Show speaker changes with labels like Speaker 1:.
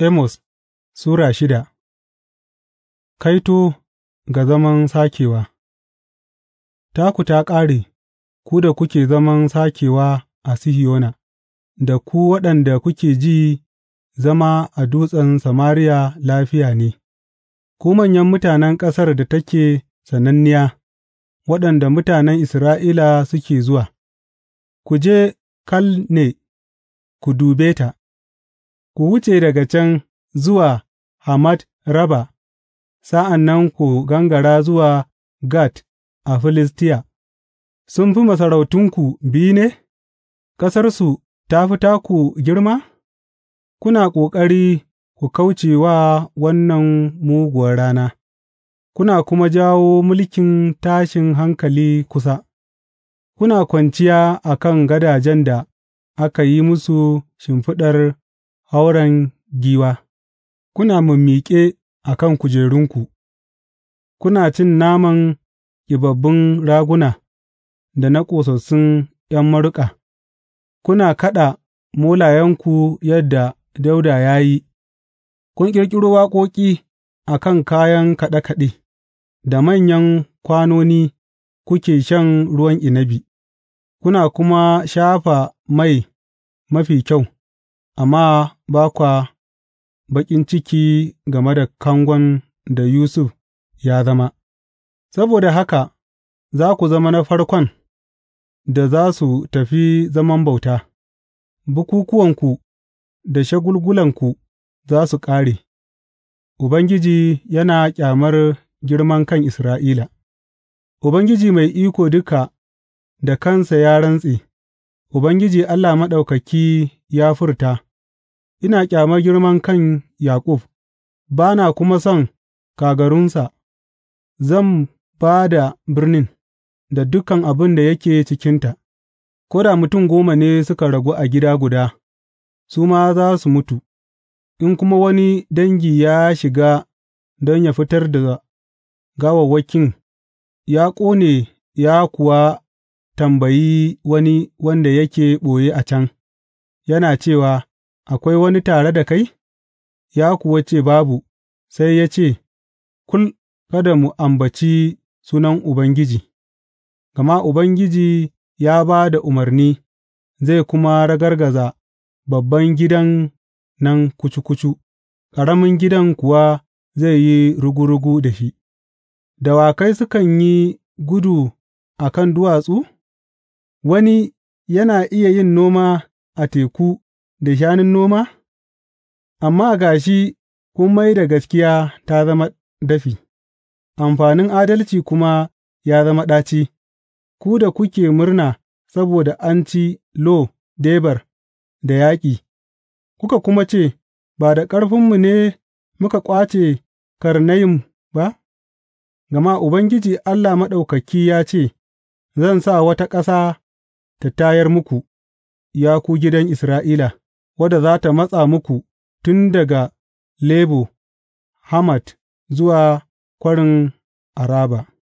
Speaker 1: Amos Sura shida Kaito ga zaman sakewa Taku ta ƙare, ku da kuke zaman sakewa a Sihiyona, da ku waɗanda kuke ji zama a dutsen Samariya lafiya ne, ku manyan mutanen ƙasar da take sananniya, waɗanda mutanen Isra'ila suke zuwa, ku je Kalne ku dube ta. ku wuce daga can zuwa Hamad raba sa'an nan ku gangara zuwa Gat a Filistiya, sun fi masarautunku biyu ne, ƙasarsu ta fi taku girma? Kuna ƙoƙari ku kauce wa wannan muguwar rana, kuna kuma jawo mulkin tashin hankali kusa, kuna kwanciya a kan gadajen da aka yi musu shimfiɗar hauren giwa, kuna mummiƙe a kan kujerunku, kuna cin naman ƙibabbun raguna da na ƙosassun ’yan maruƙa, kuna kaɗa molayenku yadda Dauda ya yi, kun ƙirƙiro waƙoƙi a kan kayan kaɗe kaɗe, da manyan kwanoni kuke shan ruwan inabi, kuna kuma shafa mai mafi kyau. amma ba kwa baƙin ciki game da kangon da Yusuf ya zama, saboda haka za ku zama na farkon da za su tafi zaman bauta, bukukuwanku da shagulgulanku za su ƙare, Ubangiji yana ƙyamar girman kan Isra'ila, Ubangiji mai iko duka da kansa ya rantse. Ubangiji Allah Maɗaukaki ya furta, Ina ƙyamar girman kan Yaƙub, ba na kuma son kagarunsa; zan ba da birnin da dukan abin da yake cikinta, ko da mutum goma ne suka ragu a gida guda, su ma za su mutu, in kuma wani dangi ya shiga don ya fitar da gawawwakin, ya ƙone ya kuwa tambayi wani wanda yake ɓoye a can, yana cewa, Akwai wani tare da kai? Ya kuwa ce, Babu, sai ya ce, Kul, kada mu ambaci sunan Ubangiji, gama Ubangiji ya ba da umarni, zai kuma ragargaza babban gidan nan kucu kucu, ƙaramin gidan kuwa zai yi rugu rugu da shi. Dawakai sukan yi gudu a kan duwatsu? Wani yana iya yin noma a teku da shanun noma, amma ga shi kun mai da gaskiya ta zama dafi, amfanin adalci kuma ya zama ɗaci, ku da kuke murna saboda an ci Lo Debar da yaƙi, kuka kuma ce, Ba da ƙarfinmu ne muka ƙwace Karnayim ba, gama Ubangiji Allah Maɗaukaki ya ce, Zan sa wata ƙasa. ta tayar muku, ya ku gidan Isra'ila, wadda za ta matsa muku tun daga Lebo Hamat zuwa Kwarin Araba.